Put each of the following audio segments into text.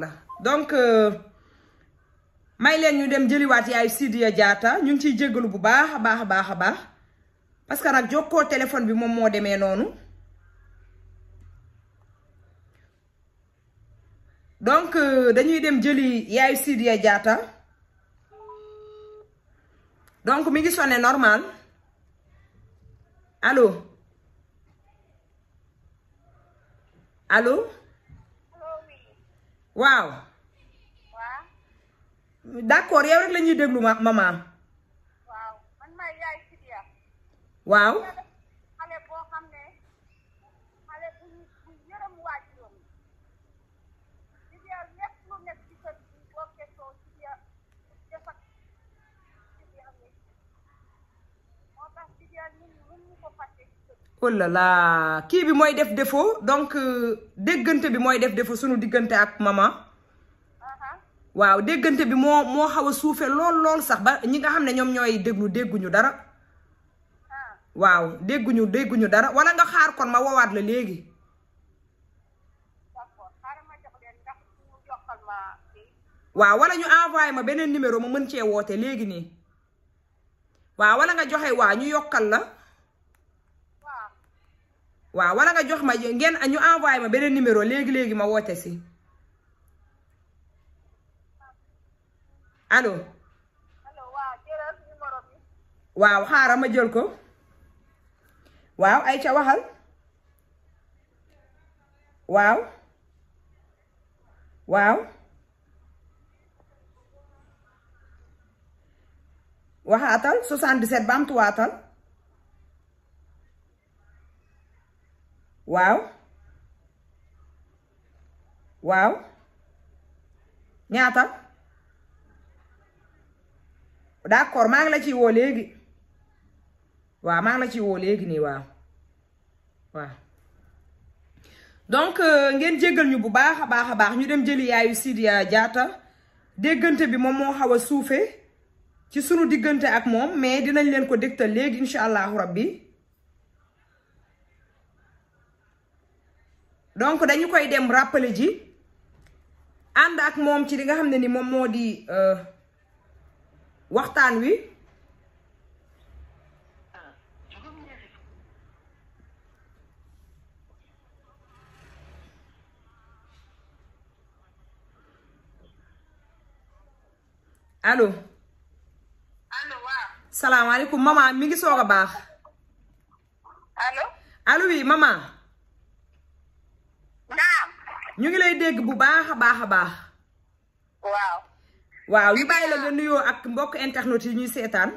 na donc euh, may leen ñu dem jëliwaat yaay Sidia Diatta ñu ngi ciy jéggalu bu baax a baax a baax a baax parce que nag jokkoo téléphone bi moom moo demee noonu donc euh, dañuy dem jëli yaay Sidia jaata donc mi ngi sone normal allo allo waaw. waaw. d'accord yow rek la ñuy déglu ma maman. waaw oh là là kii bi mooy def defoo donc euh, déggante bi mooy def défaut sunu diggante ak mama uh-huh. waaw dëggante bi moo moo xaw suufe lool lool sax ba ñi nga xam ne ñoom ñooy déglu dégguñu dara uh-huh. waaw dégguñu dégguñu dara wala nga xaar kon ma woowaat la léegi waaw wala ñu envoyé ma beneen numéro ma mën cee woote léegi nii waaw wala nga joxe waa ñu yokkal la waaw wala nga jox ma ngeen ñu envoyé ma beneen numéro léegi léegi ma wote si allo waaw xaaral ma jël ko waaw ay ca waxal waaw waaw waxaatal 77 bamtuwaatal waaw waaw ñaata d'accord maa ngi la ci woo léegi waaw maa ngi la ci woo léegi nii waaw donc euh, ngeen jéggal ñu bu baax a baax a baax ñu dem jëli yaayu Sidia jaata déggante bi moom moo xaw a suufe ci sunu diggante ak moom mais dinañ leen ko dégtal léegi incha allahu rabbi donc dañu koy dem ràppale ji ànd ak moom ci li nga xam ne ni moom moo di euh, waxtaan wi allo allo waaw salaamaaleykum maman mi ngi soog a baax allo allo oui maman ñu ngi lay dégg bu baax a baax a baax. waaw. waaw ñu bàyyi la nga nuyoo ak mbokk internet yi ñuy seetaan.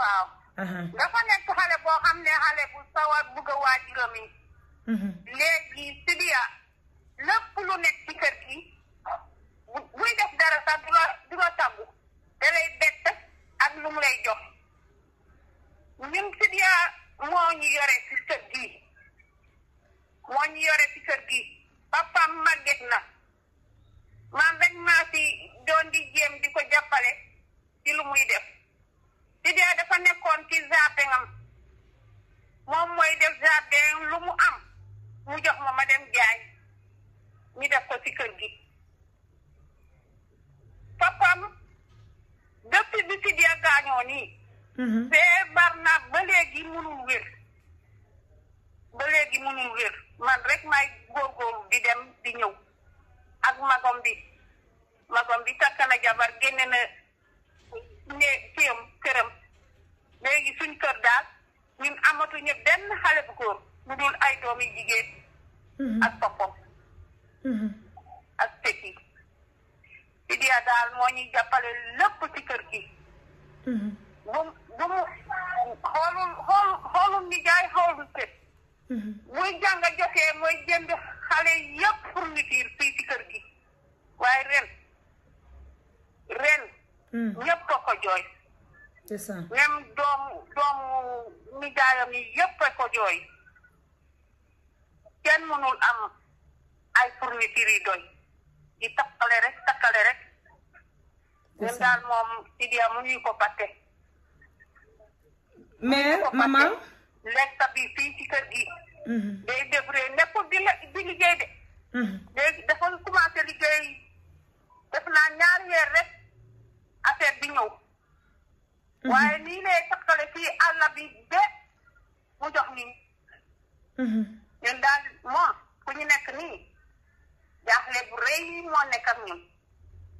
waaw. dafa nekk xale boo xam ne xale bu sawar bugg a waajuram yi. léegi Sidiya lépp lu nekk ci kër gi buy def lu mu am mu jox ma ma dem jaay ñu def ko ci kër gi papam depuis bi si dee gaañoo nii mhm. feebar naa ba léegi munul wér ba léegi munul wér man rek may góorgóorlu di dem di ñëw ak magom bi magom bi takk jabar génne na ne kiyam këram léegi suñ kër daal ñun amatuñu benn xale bu góor lu dul ay doomi jigéen mm-hmm. ak toppam mm-hmm. ak tekki Sidia daal moo ñuy jàppale lépp ci kër gi mm-hmm. bu bu mu xoolul xool xoolul ni jaay xoolul tëj muy jàng jotee mooy jënd xale yépp fourniture fii ci kër gi waaye ren ren ñépp ko jooy même doomu doomu nijaayam yi yépp ko jooy kenn mënul am ay fourniture yi doy di takkale rek takkale rek ñun daal moom Sidiya mënuñu ko patte mais maman lekk bi fii ci kër gi mhm. day débrouillé nekkul di la di liggéey de mhm. léegi dafa commencé liggéey def naa ñaari weer rek affaire bi ñëw Mm-hmm. waaye nii lay takkale fii àll bi be mu jox nii mm-hmm. ñun daal moom ku ñu nekk nii jaaxle bu rëy moo nekk ñun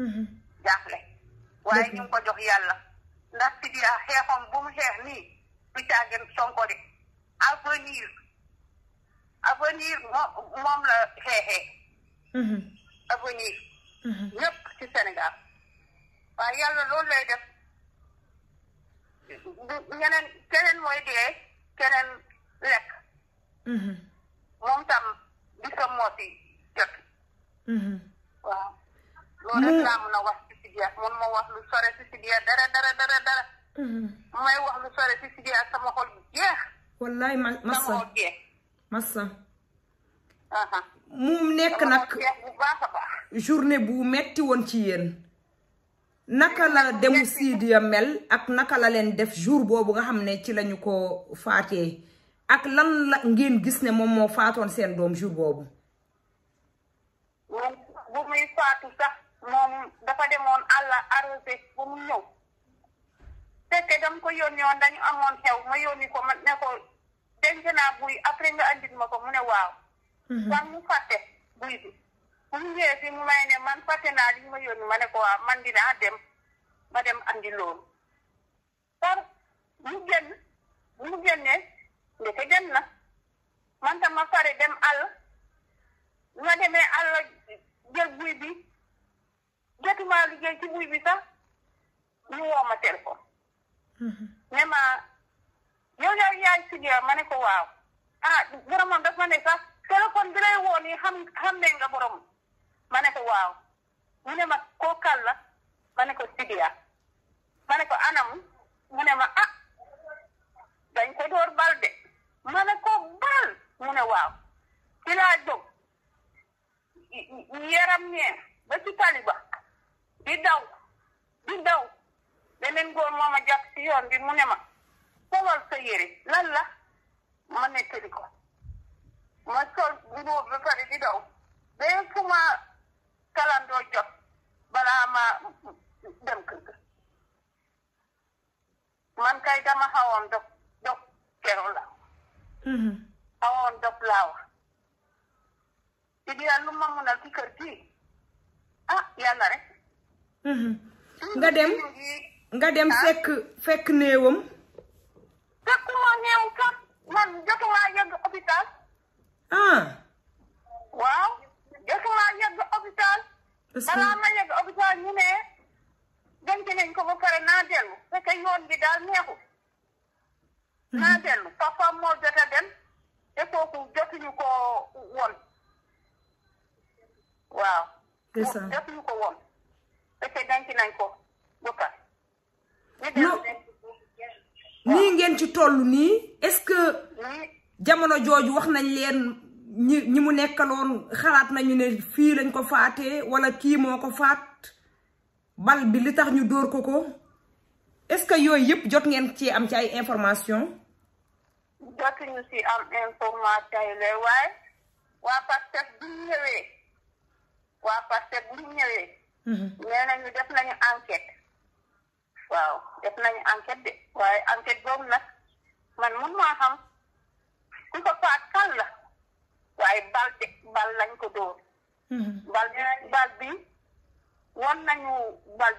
mm-hmm. jaaxle waaye ñu ko jox yàlla ndax Sidiya xeexoon bu mu xeex nii du caagin Sonko de avenir avenir moom la xeexee avenir ñëpp ci Sénégal waaye yàlla loolu lay def bu ñeneen keneen mooy dee keneen lekk mhm. moom tam bisam moo si jot mhm. waaw loolu rek laa mun a wax lu sore ci Sidiya dara dara dara dara mhm. may wax lu sore ci Sidiya sama xol bi jeex wallaay ma massa sama xol jeex massa mu nekk nag journée bu metti woon ci yéen naka la demu Sidiya mel ak naka la leen def jour boobu nga xam ne ci lañu ko faatee ak lan la ngeen gis ne moom moo faatoon seen doom jour boobu moom bu muy faatu sax moom dafa demoon àll arrosé bu mu ñëw fekke dama ko yónnoon dañu amoon xew ma yónni ko ma ne ko denc naa buy après nga andit ma ko mu ne waaw war mhm. mu fàtte buy bi bu ñu ñëwee mu may ne man fàtte naa li ma yónni ma ne ko waaw man dinaa dem ma dem andi loolu par mu génn mu génne ndeke dem na man tam ma pare dem àll bi ma demee àll jël buy bi jotuma liggéey ci buy bi sax ñu woo ma téléphone. Mhm. ne ma yow yow yaay studio ma ne ko waaw ah boromam daf ma ne sax téléphone bi lay woo nii xam xam ne nga boromam. ma ne ko waaw mu ne ma koo kal la ma ne ko Sidiya mane ko anam mu ma ah dañ ko door bal de ma ne ko bal mu ne waaw ci laa jóg yaram ñeen ba ci tali ba di daw di daw beneen góor moo ma jàpp ci yoon bi mu ne ma solal sa yére lan la ma nettali ko ma sol bi ba pare di daw ba fu ma kalandoo jot balaa ma dem man kay dama xawoon dog dog kero la mm-hmm. xawoon dog laa wax lu ma munal ci kër gi ah yàlla rek mm-hmm. nga dem nga dem ah? fekk fekk néewam fekkuma néew sax man jotumaa yegg hôpital ah waaw jotuma yegg hôpital. balaa ma yegg hôpital ñu ne denc nañ ko ba pare naa dellu fekk yoon bi daal neexul. Mhm. naa dellu papa moo jot a dem te kooku jotuñu ko woon. waaw. jotuñu ko woon fekk denc nañ ko ba pare. nii ngeen ci toll nii est-ce que jamono jooju wax nañ leen. ñi ñi mu nekkaloon xalaat nañu ne fii lañ ko faatee wala kii moo ko faat bal bi li tax ñu dóor ko ko est-ce que yooyu yëpp jot ngeen ci am ci ay information jotuñu ci am information lay waaye waa Pastef bu ñëwee waa Pastef bu ñëwee mhm. nee nañu def nañu enquête waaw def nañu enquête de waaye enquête boobu nag man mun maa xam ku faat kan la waaye bal de bal lañ ko dóor mm-hmm. bal bi bal bi won nañu bal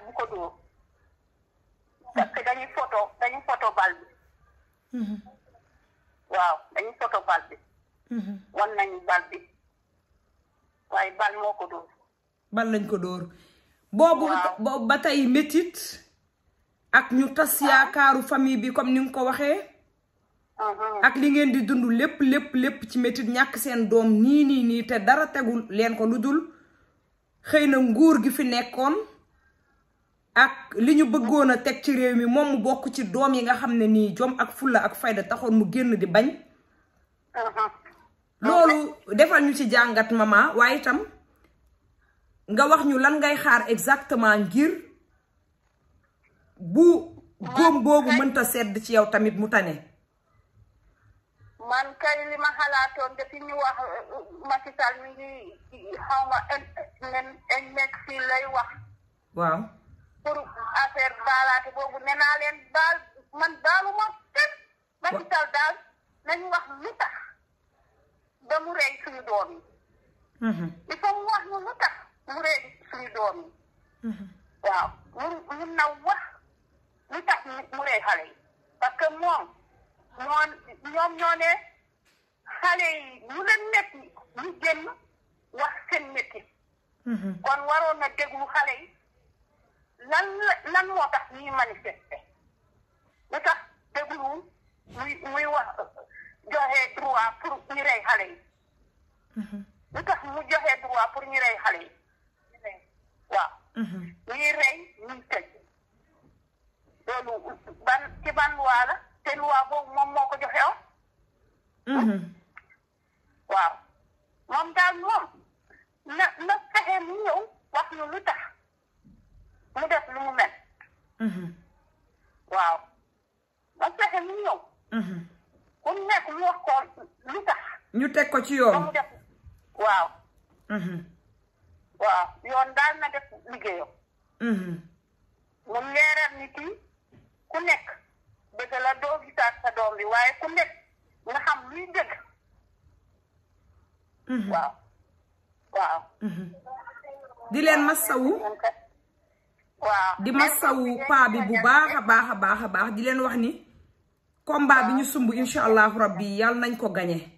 dañuy photo dañuy photo bal bi mm-hmm. waaw dañuy photo bal bi mm-hmm. won bal bi waaye bal moo ko dóor bal lañ ko dóor boobu ba tey metit ak ñu tas yaakaaru famille bi comme ni nga ko waxee ak li ngeen di dund lépp lépp lépp ci métit ñàkk seen doom nii nii nii te dara tegul leen ko lu dul xëy na nguur gi fi nekkoon ak li ñu bëggoon a teg ci réew mi moom mu bokk ci doom yi nga xam ne nii jom ak fulla ak fayda taxoon mu génn di bañ uh-huh. loolu defal ñu ci jàngat mama waaye itam nga wax ñu lan ngay xaar exactement ngir bu góom boobu uh-huh. mënta sedd ci yow tamit mu tane kay li ma xalaatoon depuis wax euh, Macky mi ngi xaw ma nekk fii lay wax. waaw. pour affaire baalaate boobu nee naa leen baal man baalu ma tëj. daal nañu wax lu tax ba mu suñu doom yi. Mhm. il faut mu wax ñu lu tax mu rey suñu doom yi. Mhm. waaw mu mun na wax lu tax mu rey yi parce que moom. ñoom ñoo ne xale yi lu leen metti ñu génn wax seen metti mhm. kon waroon na déglu xale yi lan lan moo tax ñuy manifester lu tax dégluwul muy muy wax joxe droit pour ñu rey xale yi mhm. lu tax mu joxe droit pour ñu rey xale yi waaw mhm. ñuy rey ñuy tëj loolu ban ci ban loi la te loi moom moo ko joxe woon ñu lu tax mu def lu mu mel. Mm-hmm. waaw ba fexe mu ñëw. Mm-hmm. ku nekk mu wax ko tax. ñu teg ko ci yoon. waaw. Mm-hmm. waaw yoon daal na def liggéeyam. mu leeral ni kii ku nekk dëgg la doo gisaat sa waaye ku nekk nga xam luy dëgg. waaw waaw. di leen ma masawu di masawu paa bi bu baax a baax a baax a baax di leen wax ni combat bi ñu sumb incha rab yi yàlla nañ ko gañe